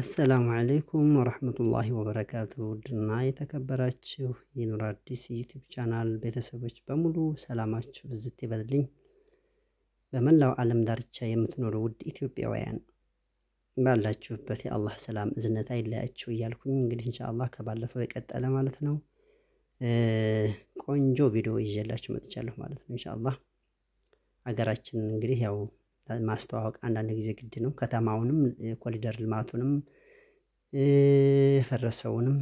አሰላሙ አለይኩም ወራህመቱላሂ ወበረካቱ ውድና የተከበራችሁ የኑር አዲስ ዩቲዩብ ቻናል ቤተሰቦች በሙሉ ሰላማችሁ ብዝት ይበልልኝ። በመላው ዓለም ዳርቻ የምትኖሩ ውድ ኢትዮጵያውያን ባላችሁበት የአላህ ሰላም እዝነት አይለያችሁ እያልኩኝ እንግዲህ ኢንሻአላህ ከባለፈው የቀጠለ ማለት ነው ቆንጆ ቪዲዮ ይዤላችሁ መጥቻለሁ ማለት ነው። ኢንሻአላህ ሀገራችን እንግዲህ ያው ማስተዋወቅ አንዳንድ ጊዜ ግድ ነው። ከተማውንም ኮሊደር ልማቱንም የፈረሰውንም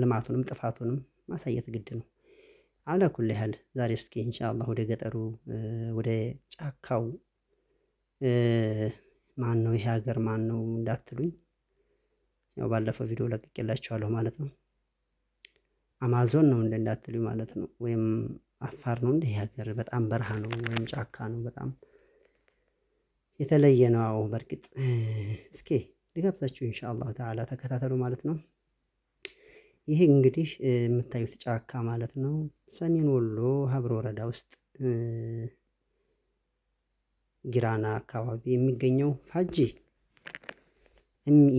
ልማቱንም ጥፋቱንም ማሳየት ግድ ነው። አላ ኩሊ ሃል ዛሬ እስኪ ኢንሻአላህ ወደ ገጠሩ ወደ ጫካው ማነው ይሄ ሀገር ማነው እንዳትሉኝ ያው ባለፈው ቪዲዮ ለቅቄላችኋለሁ ማለት ነው። አማዞን ነው እንደ እንዳትሉኝ ማለት ነው ወይም አፋር ነው እንደ ሀገር በጣም በረሃ ነው ወይም ጫካ ነው በጣም የተለየ ነው። አዎ በርግጥ እስኪ ልጋብዛችሁ ኢንሻአላሁ ተዓላ ተከታተሉ ማለት ነው። ይሄ እንግዲህ የምታዩት ጫካ ማለት ነው። ሰሜን ወሎ ሀብሮ ወረዳ ውስጥ ጊራና አካባቢ የሚገኘው ፋጂ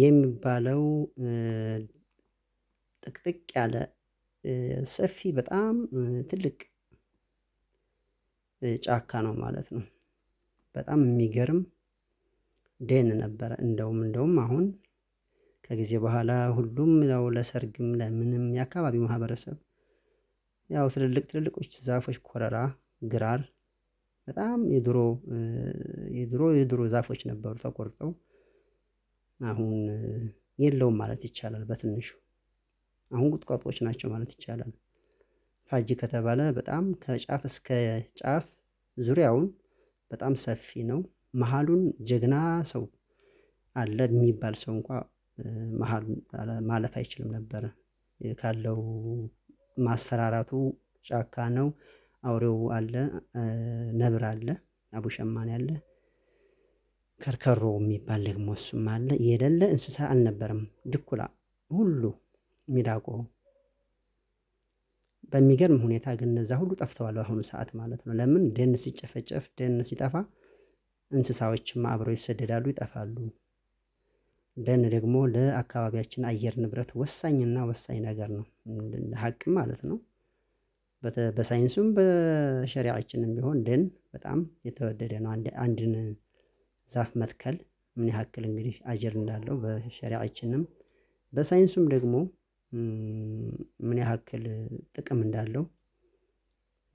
የሚባለው ጥቅጥቅ ያለ ሰፊ በጣም ትልቅ ጫካ ነው ማለት ነው። በጣም የሚገርም ደን ነበረ። እንደውም እንደውም አሁን ከጊዜ በኋላ ሁሉም ያው ለሰርግም ለምንም የአካባቢው ማህበረሰብ ያው ትልልቅ ትልልቆች ዛፎች ኮረራ፣ ግራር በጣም የድሮ የድሮ የድሮ ዛፎች ነበሩ ተቆርጠው አሁን የለውም ማለት ይቻላል። በትንሹ አሁን ቁጥቋጦዎች ናቸው ማለት ይቻላል። ፋጅ ከተባለ በጣም ከጫፍ እስከ ጫፍ ዙሪያውን በጣም ሰፊ ነው። መሀሉን ጀግና ሰው አለ የሚባል ሰው እንኳ ማለፍ አይችልም ነበረ። ካለው ማስፈራራቱ ጫካ ነው፣ አውሬው አለ፣ ነብር አለ፣ አቡሸማኔ አለ፣ ከርከሮ የሚባል ደግሞ እሱም አለ። የሌለ እንስሳ አልነበረም። ድኩላ ሁሉ ሚዳቆ በሚገርም ሁኔታ ግን እነዛ ሁሉ ጠፍተዋል በአሁኑ ሰዓት ማለት ነው። ለምን ደን ሲጨፈጨፍ ደን ሲጠፋ እንስሳዎችም አብረው ይሰደዳሉ፣ ይጠፋሉ። ደን ደግሞ ለአካባቢያችን አየር ንብረት ወሳኝና ወሳኝ ነገር ነው ሀቅ ማለት ነው። በሳይንሱም በሸሪዓችንም ቢሆን ደን በጣም የተወደደ ነው። አንድን ዛፍ መትከል ምን ያክል እንግዲህ አጀር እንዳለው በሸሪያችንም በሳይንሱም ደግሞ ምን ያህል ጥቅም እንዳለው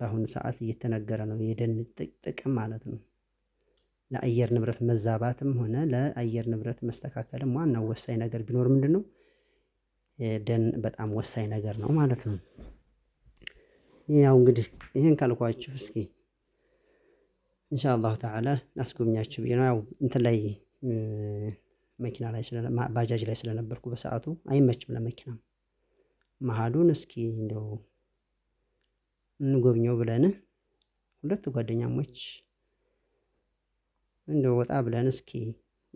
በአሁኑ ሰዓት እየተነገረ ነው የደን ጥቅም ማለት ነው። ለአየር ንብረት መዛባትም ሆነ ለአየር ንብረት መስተካከልም ዋናው ወሳኝ ነገር ቢኖር ምንድነው? ደን በጣም ወሳኝ ነገር ነው ማለት ነው። ያው እንግዲህ ይህን ካልኳችሁ እስኪ ኢንሻአላሁ ተዓላ አስጎብኛችሁ ብዬ ነው። ያው እንትን ላይ መኪና ላይ ባጃጅ ላይ ስለነበርኩ በሰአቱ አይመችም ለመኪናም መሃሉን እስኪ እንደው እንጎብኘው ብለን ሁለት ጓደኛሞች እንደው ወጣ ብለን እስኪ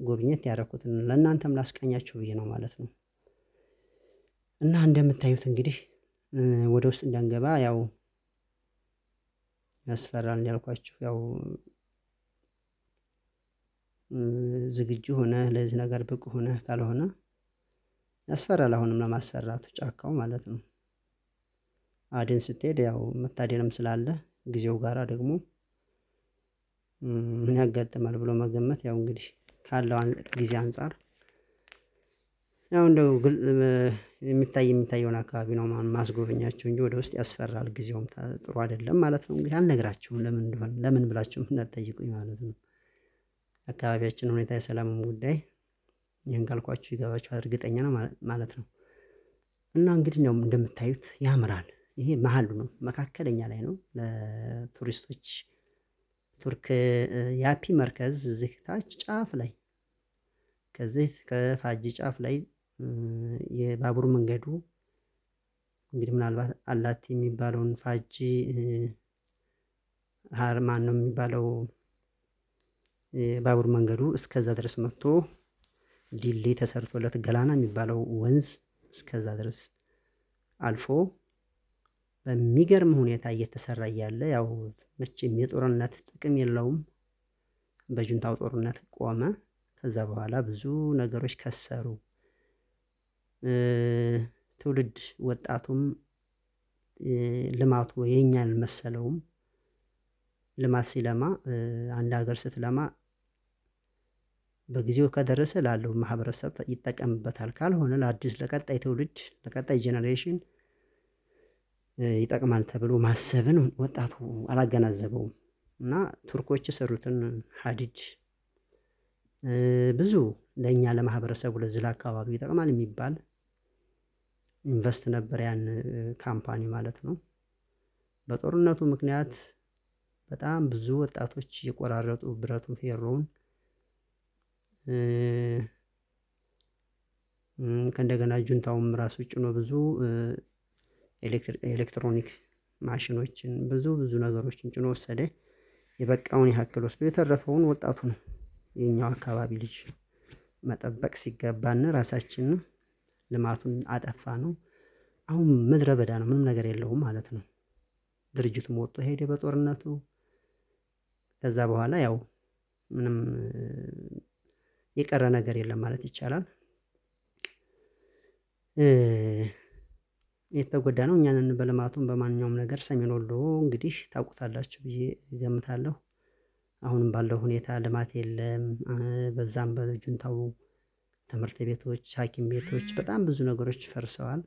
ጎብኘት ያደረኩትን ለእናንተም ላስቀኛችሁ ብዬ ነው ማለት ነው። እና እንደምታዩት እንግዲህ ወደ ውስጥ እንዳንገባ ያው ያስፈራል እንዳልኳችሁ ያው ዝግጁ ሆነ ለዚህ ነገር ብቅ ሆነ ካልሆነ ያስፈራል አሁንም ለማስፈራቱ ጫካው ማለት ነው። አደን ስትሄድ ያው መታደንም ስላለ ጊዜው ጋራ ደግሞ ምን ያጋጥማል ብሎ መገመት ያው እንግዲህ ካለው ጊዜ አንፃር ያው እንደው የሚታይ የሚታየውን አካባቢ ነው ማስጎበኛችሁ እንጂ ወደ ውስጥ ያስፈራል። ጊዜውም ጥሩ አይደለም ማለት ነው። እንግዲህ አልነግራችሁም ለምን እንደሆነ ለምን ብላችሁም እንዳትጠይቁኝ ማለት ነው። አካባቢያችን ሁኔታ የሰላምም ጉዳይ ይሄን ካልኳችሁ ይገባችኋል እርግጠኛ ነው ማለት ነው። እና እንግዲህ ነው እንደምታዩት ያምራል። ይሄ መሀሉ ነው፣ መካከለኛ ላይ ነው። ለቱሪስቶች ቱርክ የአፒ መርከዝ እዚህ ታች ጫፍ ላይ ከዚህ ከፋጅ ጫፍ ላይ የባቡር መንገዱ እንግዲህ ምናልባት አላት የሚባለውን ፋጂ ሀርማን ነው የሚባለው የባቡር መንገዱ እስከዛ ድረስ መጥቶ ዲሌ ተሰርቶለት ገላና የሚባለው ወንዝ እስከዛ ድረስ አልፎ በሚገርም ሁኔታ እየተሰራ እያለ ያው መቼም የጦርነት ጥቅም የለውም። በጁንታው ጦርነት ቆመ። ከዛ በኋላ ብዙ ነገሮች ከሰሩ። ትውልድ ወጣቱም ልማቱ የኛ አልመሰለውም። ልማት ሲለማ አንድ ሀገር ስትለማ በጊዜው ከደረሰ ላለው ማህበረሰብ ይጠቀምበታል ካልሆነ ለአዲስ ለቀጣይ ትውልድ ለቀጣይ ጄኔሬሽን ይጠቅማል ተብሎ ማሰብን ወጣቱ አላገናዘበውም። እና ቱርኮች የሰሩትን ሀዲድ ብዙ ለእኛ ለማህበረሰቡ ለዚህ ለአካባቢ ይጠቅማል የሚባል ኢንቨስት ነበር ያን ካምፓኒ ማለት ነው። በጦርነቱ ምክንያት በጣም ብዙ ወጣቶች እየቆራረጡ ብረቱን ፌሮውን ከእንደገና ጁንታውም ራሱ ጭኖ ብዙ ኤሌክትሮኒክ ማሽኖችን ብዙ ብዙ ነገሮችን ጭኖ ወሰደ። የበቃውን ያክል ወስዶ የተረፈውን ወጣቱ ነው የኛው አካባቢ ልጅ መጠበቅ ሲገባን ራሳችንን ልማቱን አጠፋ ነው። አሁን ምድረ በዳ ነው ምንም ነገር የለውም ማለት ነው። ድርጅቱም ወጥቶ ሄደ በጦርነቱ። ከዛ በኋላ ያው ምንም የቀረ ነገር የለም ማለት ይቻላል። የተጎዳ ነው እኛ በልማቱም በማንኛውም ነገር ሰሜን ወሎ እንግዲህ ታውቁታላችሁ ብዬ እገምታለሁ። አሁንም ባለው ሁኔታ ልማት የለም። በዛም በጁንታው ትምህርት ቤቶች ሀኪም ቤቶች በጣም ብዙ ነገሮች ፈርሰዋል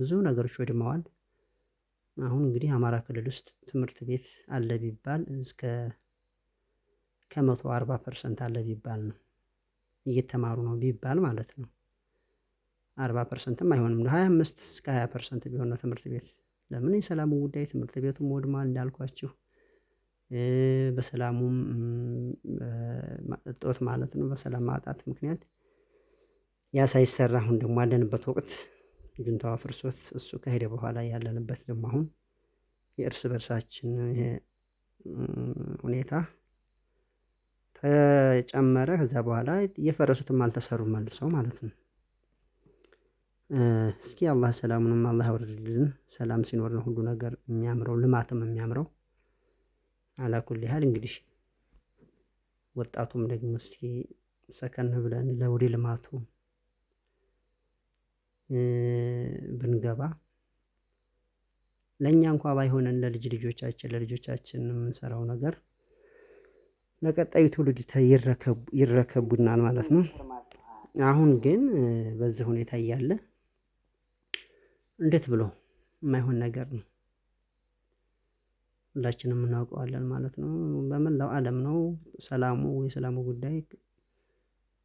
ብዙ ነገሮች ወድመዋል። አሁን እንግዲህ አማራ ክልል ውስጥ ትምህርት ቤት አለ ቢባል እስከ ከመቶ አርባ ፐርሰንት አለ ቢባል ነው እየተማሩ ነው ቢባል ማለት ነው። አርባ ፐርሰንትም አይሆንም ነው ሀያ አምስት እስከ ሀያ ፐርሰንት ቢሆን ነው ትምህርት ቤት ለምን የሰላሙ ጉዳይ ትምህርት ቤቱም ወድሟል እንዳልኳችሁ በሰላሙም እጦት ማለት ነው በሰላም ማጣት ምክንያት ያ ሳይሰራ አሁን ደግሞ ያለንበት ወቅት ጁንታዋ ፍርሶት እሱ ከሄደ በኋላ ያለንበት ደግሞ አሁን የእርስ በርሳችን ሁኔታ ተጨመረ ከዛ በኋላ የፈረሱትም አልተሰሩ መልሰው ማለት ነው። እስኪ አላህ ሰላሙንም አላህ ያውርድልን። ሰላም ሲኖር ነው ሁሉ ነገር የሚያምረው ልማትም የሚያምረው። አላኩል ያህል እንግዲህ ወጣቱም ደግሞ እስኪ ሰከን ብለን ለወደ ልማቱ ብንገባ ለእኛ እንኳ ባይሆነን ለልጅ ልጆቻችን ለልጆቻችን የምንሰራው ነገር ለቀጣዩ ትውልድ ይረከቡናል ማለት ነው። አሁን ግን በዚህ ሁኔታ እያለ እንዴት ብሎ የማይሆን ነገር ነው። ሁላችንም እናውቀዋለን ማለት ነው። በመላው ዓለም ነው ሰላሙ የሰላሙ ጉዳይ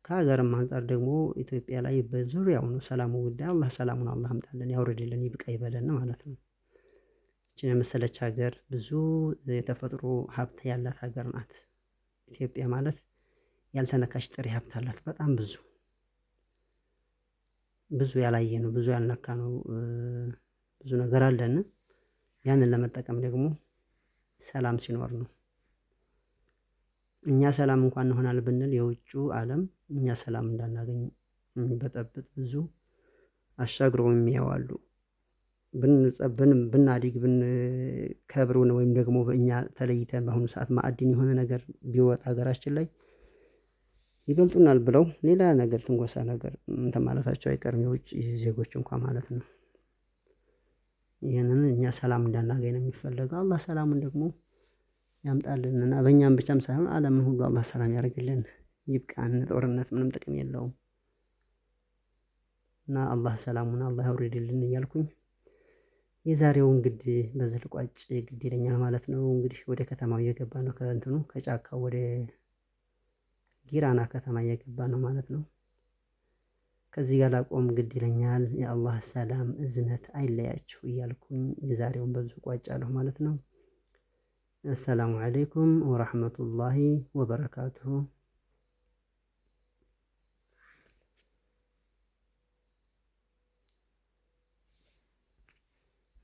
ከሀገርም አንጻር ደግሞ ኢትዮጵያ ላይ በዙሪያው ነው ሰላሙ ጉዳይ። አላህ ሰላሙን አላህ አምጣለን ያውርድልን ይብቃ ይበለን ማለት ነው። ይችን የመሰለች ሀገር ብዙ የተፈጥሮ ሀብት ያላት ሀገር ናት። ኢትዮጵያ ማለት ያልተነካች ጥሬ ሀብት አላት። በጣም ብዙ ብዙ ያላየ ነው፣ ብዙ ያልነካ ነው፣ ብዙ ነገር አለን። ያንን ለመጠቀም ደግሞ ሰላም ሲኖር ነው። እኛ ሰላም እንኳን እንሆናል ብንል የውጩ ዓለም እኛ ሰላም እንዳናገኝ የሚበጠብጥ ብዙ አሻግረው የሚያዋሉ ብናድግ ብንከብር ወይም ደግሞ እኛ ተለይተን በአሁኑ ሰዓት ማዕድን የሆነ ነገር ቢወጣ ሀገራችን ላይ ይበልጡናል ብለው ሌላ ነገር ትንኮሳ ነገር እንትን ማለታቸው አይቀርም የውጭ ዜጎች እንኳ ማለት ነው። ይህንን እኛ ሰላም እንዳናገኝ ነው የሚፈለገው አላህ ሰላሙን ደግሞ ያምጣልን እና በእኛም ብቻም ሳይሆን አለምን ሁሉ አላህ ሰላም ያደርግልን ይብቃን ጦርነት ምንም ጥቅም የለውም። እና አላህ ሰላሙን አላህ ያውርድልን እያልኩኝ የዛሬው እንግዲህ በዚህ ልቋጭ ግድ ይለኛል ማለት ነው። እንግዲህ ወደ ከተማው እየገባ ነው ከእንትኑ ከጫካው ወደ ጊራና ከተማ እየገባ ነው ማለት ነው። ከዚህ ጋር ላቆም ግድ ይለኛል የአላህ ሰላም እዝነት አይለያችሁ እያልኩኝ የዛሬውን በዚሁ እቋጫለሁ ማለት ነው። አሰላሙ አለይኩም ወራህመቱላሂ ወበረካቱሁ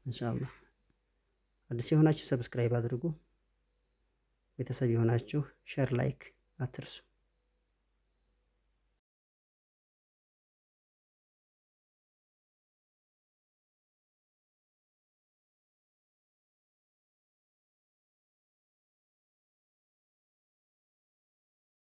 እንሻላ አዲስ የሆናችሁ ሰብስክራይብ አድርጉ። ቤተሰብ የሆናችሁ ሼር ላይክ አትርሱ።